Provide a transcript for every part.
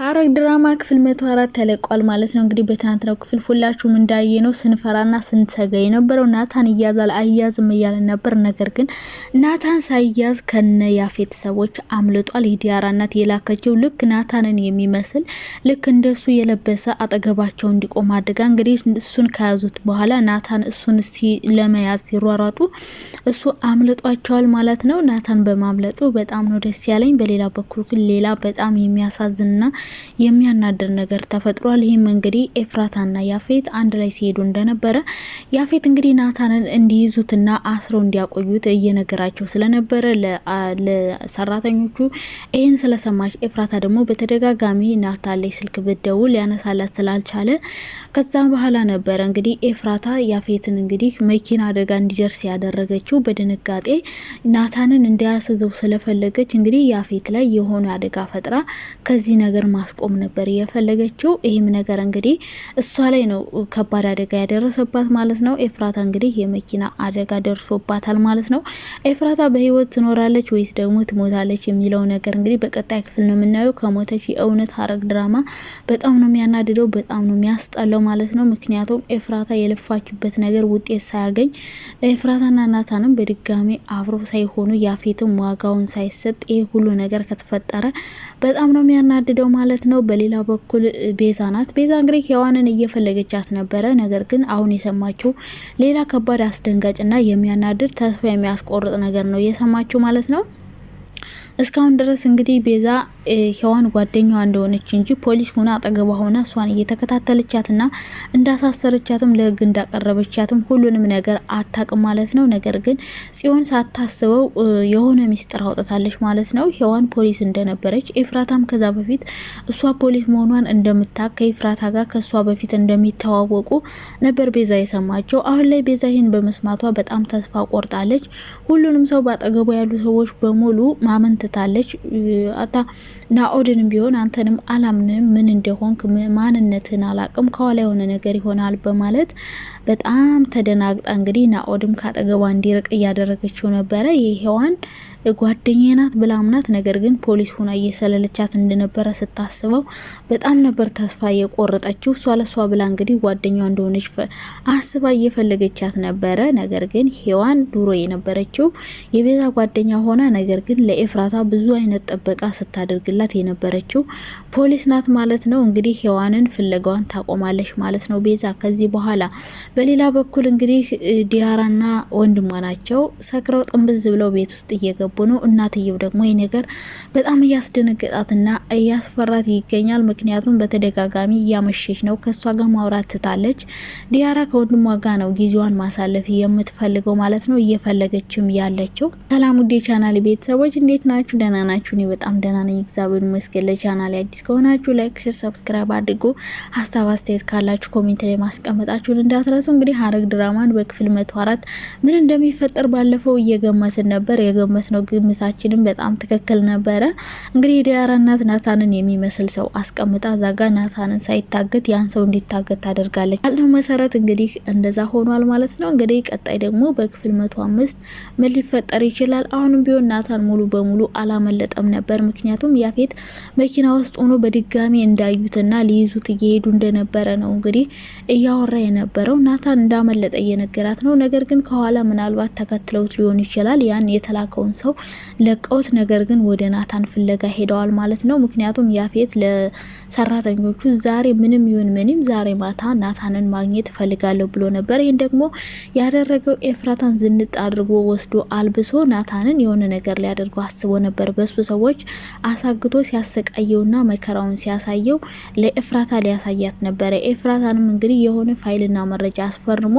ሐረግ ድራማ ክፍል መቶ አራት ተለቋል ማለት ነው። እንግዲህ በትናንትናው ክፍል ሁላችሁም እንዳየ ነው ስንፈራና ስንሰጋ የነበረው ናታን እያዛል አያዝም እያለ ነበር። ነገር ግን ናታን ሳያዝ ከነ ያፌት ሰዎች አምልጧል። የዲያራ እናት የላከችው ልክ ናታንን የሚመስል ልክ እንደሱ የለበሰ አጠገባቸው እንዲቆም አድጋ እንግዲህ እሱን ከያዙት በኋላ ናታን እሱን ለመያዝ ሲሯሯጡ እሱ አምልጧቸዋል ማለት ነው። ናታን በማምለጡ በጣም ነው ደስ ያለኝ። በሌላ በኩል ግን ሌላ በጣም የሚያሳዝንና የሚያናድር ነገር ተፈጥሯል። ይህም እንግዲህ ኤፍራታና ያፌት አንድ ላይ ሲሄዱ እንደነበረ ያፌት እንግዲህ ናታንን እንዲይዙትና አስረው እንዲያቆዩት እየነገራቸው ስለነበረ ለሰራተኞቹ ይህን ስለሰማች ኤፍራታ ደግሞ በተደጋጋሚ ናታን ላይ ስልክ ብትደውል ሊያነሳላት ስላልቻለ ከዛ በኋላ ነበረ እንግዲህ ኤፍራታ ያፌትን እንግዲህ መኪና አደጋ እንዲደርስ ያደረገችው በድንጋጤ ናታንን እንዳያስዘው ስለፈለገች እንግዲህ ያፌት ላይ የሆነ አደጋ ፈጥራ ከዚህ ነገር ማስቆም ነበር የፈለገችው። ይህም ነገር እንግዲህ እሷ ላይ ነው ከባድ አደጋ ያደረሰባት ማለት ነው። ኤፍራታ እንግዲህ የመኪና አደጋ ደርሶባታል ማለት ነው። ኤፍራታ በህይወት ትኖራለች ወይስ ደግሞ ትሞታለች የሚለው ነገር እንግዲህ በቀጣይ ክፍል ነው የምናየው። ከሞተች የእውነት ሐረግ ድራማ በጣም ነው የሚያናድደው፣ በጣም ነው የሚያስጠላው ማለት ነው። ምክንያቱም ኤፍራታ የለፋችበት ነገር ውጤት ሳያገኝ ኤፍራታና ናታንም በድጋሚ አብሮ ሳይሆኑ ያፌትም ዋጋውን ሳይሰጥ ይህ ሁሉ ነገር ከተፈጠረ በጣም ነው የሚያናድደው ማለት ማለት ነው። በሌላ በኩል ቤዛ ናት። ቤዛ እንግዲህ ሔዋንን እየፈለገቻት ነበረ። ነገር ግን አሁን የሰማችው ሌላ ከባድ አስደንጋጭና የሚያናድድ ተስፋ የሚያስቆርጥ ነገር ነው የሰማችው ማለት ነው። እስካሁን ድረስ እንግዲህ ቤዛ ሔዋን ጓደኛዋ እንደሆነች እንጂ ፖሊስ ሆና አጠገቧ ሆና እሷን እየተከታተለቻትና እንዳሳሰረቻትም ለሕግ እንዳቀረበቻትም ሁሉንም ነገር አታቅም ማለት ነው። ነገር ግን ጽዮን ሳታስበው የሆነ ሚስጥር አውጥታለች ማለት ነው። ሔዋን ፖሊስ እንደነበረች ኤፍራታም ከዛ በፊት እሷ ፖሊስ መሆኗን እንደምታቅ ከኤፍራታ ጋር ከእሷ በፊት እንደሚተዋወቁ ነበር ቤዛ የሰማቸው። አሁን ላይ ቤዛ ይህን በመስማቷ በጣም ተስፋ ቆርጣለች። ሁሉንም ሰው ባጠገቧ ያሉ ሰዎች በሙሉ ማመን ትታለች። አታ ናኦድንም ቢሆን አንተንም አላምንም፣ ምን እንደሆንክ ማንነትን አላቅም፣ ከኋላ የሆነ ነገር ይሆናል በማለት በጣም ተደናግጣ እንግዲህ ናኦድም ካጠገቧ እንዲርቅ እያደረገችው ነበረ ይሄዋን ጓደኛዬ ናት ብላ አምናት፣ ነገር ግን ፖሊስ ሆና እየሰለለቻት እንደነበረ ስታስበው በጣም ነበር ተስፋ የቆረጠችው። እሷ ለሷ ብላ እንግዲህ ጓደኛዋ እንደሆነች አስባ እየፈለገቻት ነበረ። ነገር ግን ሄዋን ድሮ የነበረችው የቤዛ ጓደኛ ሆና ነገር ግን ለኤፍራታ ብዙ አይነት ጥበቃ ስታደርግላት የነበረችው ፖሊስ ናት ማለት ነው። እንግዲህ ሄዋንን ፍለጋዋን ታቆማለች ማለት ነው ቤዛ ከዚህ በኋላ። በሌላ በኩል እንግዲህ ዲያራና ወንድሟ ናቸው ሰክረው ጥንብዝ ብለው ቤት ውስጥ እየገቡ እየገቡ ነው። እናትየው ደግሞ ይህ ነገር በጣም እያስደነገጣትና እያስፈራት ይገኛል። ምክንያቱም በተደጋጋሚ እያመሸች ነው፣ ከእሷ ጋር ማውራት ትታለች። ዲያራ ከወንድሟ ጋር ነው ጊዜዋን ማሳለፍ የምትፈልገው ማለት ነው፣ እየፈለገችም ያለችው። ሰላም ውዴ ቻናል ቤተሰቦች እንዴት ናችሁ? ደህና ናችሁ? እኔ በጣም ደህና ነኝ፣ እግዚአብሔር ይመስገን። ለቻናል አዲስ ከሆናችሁ ላይክ፣ ሼር፣ ሰብስክራይብ አድርጉ። ሀሳብ አስተያየት ካላችሁ ኮሜንት ላይ ማስቀመጣችሁን እንዳትረሱ። እንግዲህ ሐረግ ድራማን በክፍል መቶ አራት ምን እንደሚፈጠር ባለፈው እየገመትን ነበር የገመት ነው ነው። ግምታችንም በጣም ትክክል ነበረ። እንግዲህ ዲያራ እናት ናታንን የሚመስል ሰው አስቀምጣ ዛጋ ናታንን ሳይታገት ያን ሰው እንዲታገት ታደርጋለች። ያለው መሰረት እንግዲህ እንደዛ ሆኗል ማለት ነው። እንግዲህ ቀጣይ ደግሞ በክፍል መቶ አምስት ምን ሊፈጠር ይችላል? አሁንም ቢሆን ናታን ሙሉ በሙሉ አላመለጠም ነበር። ምክንያቱም ያፌት መኪና ውስጥ ሆኖ በድጋሚ እንዳዩትና ሊይዙት እየሄዱ እንደነበረ ነው እንግዲህ እያወራ የነበረው ናታን እንዳመለጠ እየነገራት ነው። ነገር ግን ከኋላ ምናልባት ተከትለውት ሊሆን ይችላል ያን የተላከውን ሰው ሰው ለቀውት፣ ነገር ግን ወደ ናታን ፍለጋ ሄደዋል ማለት ነው። ምክንያቱም ያፌት ለሰራተኞቹ ዛሬ ምንም ይሁን ምንም ዛሬ ማታ ናታንን ማግኘት እፈልጋለሁ ብሎ ነበር። ይህን ደግሞ ያደረገው ኤፍራታን ዝንጥ አድርጎ ወስዶ አልብሶ ናታንን የሆነ ነገር ሊያደርገው አስቦ ነበር። በሱ ሰዎች አሳግቶ ሲያሰቃየውና መከራውን ሲያሳየው ለኤፍራታ ሊያሳያት ነበረ። ኤፍራታንም እንግዲህ የሆነ ፋይልና መረጃ አስፈርሞ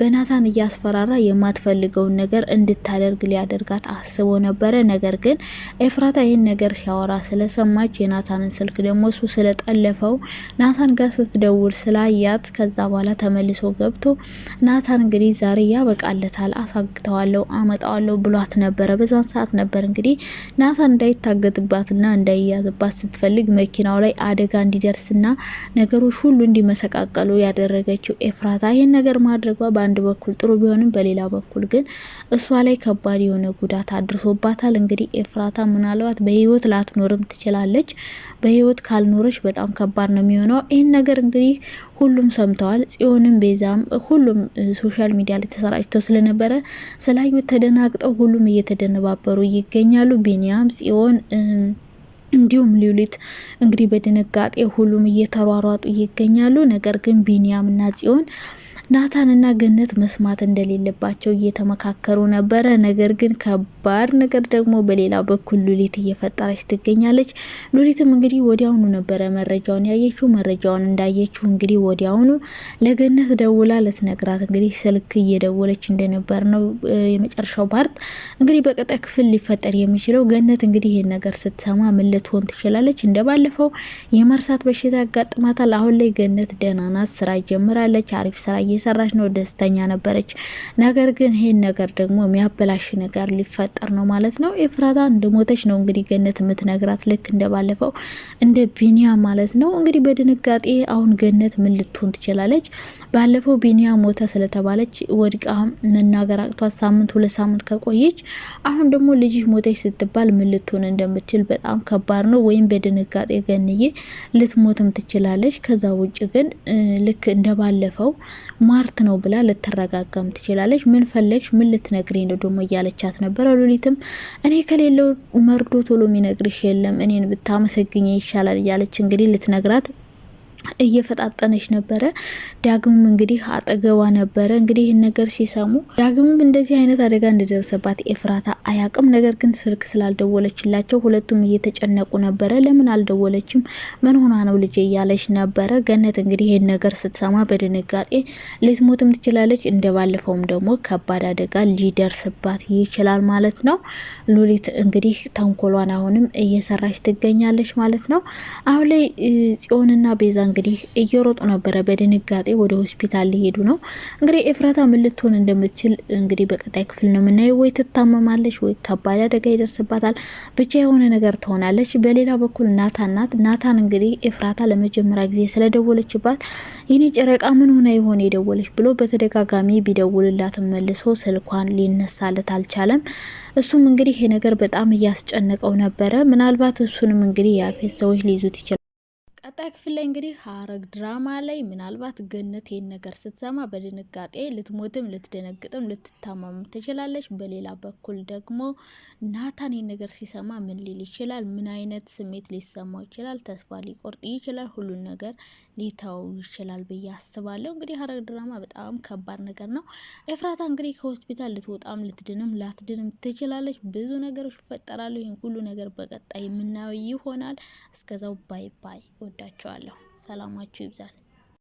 በናታን እያስፈራራ የማትፈልገውን ነገር እንድታደርግ ሊያደርጋት አስቦ አስቦ ነበረ። ነገር ግን ኤፍራታ ይህን ነገር ሲያወራ ስለሰማች የናታንን ስልክ ደግሞ እሱ ስለጠለፈው ናታን ጋር ስትደውል ስላያት ከዛ በኋላ ተመልሶ ገብቶ ናታን እንግዲህ ዛሬ ያበቃለታል፣ አሳግተዋለሁ፣ አመጣዋለሁ ብሏት ነበረ። በዛን ሰዓት ነበር እንግዲህ ናታን እንዳይታገትባትና እንዳይያዝባት ስትፈልግ መኪናው ላይ አደጋ እንዲደርስና ነገሮች ሁሉ እንዲመሰቃቀሉ ያደረገችው ኤፍራታ ይህን ነገር ማድረጓ በአንድ በኩል ጥሩ ቢሆንም በሌላ በኩል ግን እሷ ላይ ከባድ የሆነ ጉዳት አድ ደርሶባታል። እንግዲህ ኤፍራታ ምናልባት በህይወት ላትኖርም ትችላለች። በህይወት ካልኖረች በጣም ከባድ ነው የሚሆነው። ይህን ነገር እንግዲህ ሁሉም ሰምተዋል። ጽዮንም ቤዛም፣ ሁሉም ሶሻል ሚዲያ ላይ ተሰራጭተው ስለነበረ ስላዩ ተደናግጠው ሁሉም እየተደነባበሩ ይገኛሉ። ቢኒያም ጽዮን እንዲሁም ሉሊት እንግዲህ በድንጋጤ ሁሉም እየተሯሯጡ ይገኛሉ። ነገር ግን ቢንያምና ጽዮን ናታንና ገነት መስማት እንደሌለባቸው እየተመካከሩ ነበረ። ነገር ግን ከባድ ነገር ደግሞ በሌላ በኩል ሉሊት እየፈጠረች ትገኛለች። ሉሊትም እንግዲህ ወዲያውኑ ነበረ መረጃውን ያየችው። መረጃውን እንዳየችው እንግዲህ ወዲያውኑ ለገነት ደውላ ልትነግራት እንግዲህ ስልክ እየደወለች እንደነበር ነው የመጨረሻው ፓርት። እንግዲህ በቀጣይ ክፍል ሊፈጠር የሚችለው ገነት እንግዲህ ይህን ነገር ስትሰማ ምልት ልትሆን ትችላለች። እንደ ባለፈው የመርሳት በሽታ ያጋጥማታል። አሁን ላይ ገነት ደህና ናት፣ ስራ ጀምራለች። አሪፍ ስራ እየሰራች ነው፣ ደስተኛ ነበረች። ነገር ግን ይሄን ነገር ደግሞ የሚያበላሽ ነገር ሊፈጠር ነው ማለት ነው። ኤፍራታ እንደሞተች ነው እንግዲህ ገነት የምትነግራት ልክ እንደ ባለፈው እንደ ቢኒያ ማለት ነው። እንግዲህ በድንጋጤ አሁን ገነት ምን ልትሆን ትችላለች? ባለፈው ቢኒያ ሞተ ስለተባለች ወድቃ መናገር አቅቷት ሳምንት ሁለት ሳምንት ከቆየች አሁን ደግሞ ልጅ ሞተች ስትባል ምን ልትሆን እንደምትችል በጣም ከባድ ከባድ ነው። ወይም በድንጋጤ ገንዬ ልትሞትም ትችላለች። ከዛ ውጭ ግን ልክ እንደባለፈው ማርት ነው ብላ ልትረጋጋም ትችላለች። ምን ፈለግሽ? ምን ልትነግሪ ነው ደግሞ እያለቻት ነበረ። ሉሊትም እኔ ከሌለው መርዶ ቶሎ የሚነግርሽ የለም እኔን ብታመሰግኝ ይሻላል እያለች እንግዲህ ልትነግራት እየፈጣጠነች ነበረ። ዳግምም እንግዲህ አጠገቧ ነበረ። እንግዲህ ይህን ነገር ሲሰሙ ዳግምም እንደዚህ አይነት አደጋ እንደደረሰባት ኤፍራታ አያቅም። ነገር ግን ስልክ ስላልደወለችላቸው ሁለቱም እየተጨነቁ ነበረ። ለምን አልደወለችም? ምን ሆና ነው ልጅ እያለች ነበረ። ገነት እንግዲህ ይህን ነገር ስትሰማ በድንጋጤ ልትሞትም ትችላለች። እንደ ባለፈውም ደግሞ ከባድ አደጋ ሊደርስባት ይችላል ማለት ነው። ሉሊት እንግዲህ ተንኮሏን አሁንም እየሰራች ትገኛለች ማለት ነው። አሁን ላይ ጽዮንና ቤዛ ። እንግዲህ እየሮጡ ነበረ በድንጋጤ ወደ ሆስፒታል ሊሄዱ ነው። እንግዲህ ኤፍራታ ምን ልትሆን እንደምትችል እንግዲህ በቀጣይ ክፍል ነው የምናየው። ወይ ትታመማለች፣ ወይ ከባድ አደጋ ይደርስባታል፣ ብቻ የሆነ ነገር ትሆናለች። በሌላ በኩል ናታን ናት ናታን እንግዲህ ኤፍራታ ለመጀመሪያ ጊዜ ስለደወለችባት ይህኔ ጨረቃ ምን ሆነ ይሆን የደወለች ብሎ በተደጋጋሚ ቢደውልላትም መልሶ ስልኳን ሊነሳለት አልቻለም። እሱም እንግዲህ ይሄ ነገር በጣም እያስጨነቀው ነበረ። ምናልባት እሱንም እንግዲህ የአፌት ሰዎች ሊይዙት ይችላል። ቀጣይ ክፍል ላይ እንግዲህ ሐረግ ድራማ ላይ ምናልባት ገነት ይህን ነገር ስትሰማ በድንጋጤ ልትሞትም ልትደነግጥም ልትታማም ትችላለች። በሌላ በኩል ደግሞ ናታን ይህን ነገር ሲሰማ ምን ሊል ይችላል? ምን አይነት ስሜት ሊሰማው ይችላል? ተስፋ ሊቆርጥ ይችላል? ሁሉን ነገር ሊተው ይችላል ብዬ አስባለሁ። እንግዲህ ሐረግ ድራማ በጣም ከባድ ነገር ነው። ኤፍራታ እንግዲህ ከሆስፒታል ልትወጣም ልትድንም ላትድንም ትችላለች። ብዙ ነገሮች ይፈጠራሉ። ይህን ሁሉ ነገር በቀጣይ የምናየው ይሆናል። እስከዛው ባይ ባይ። ወዳቸዋለሁ። ሰላማችሁ ይብዛል።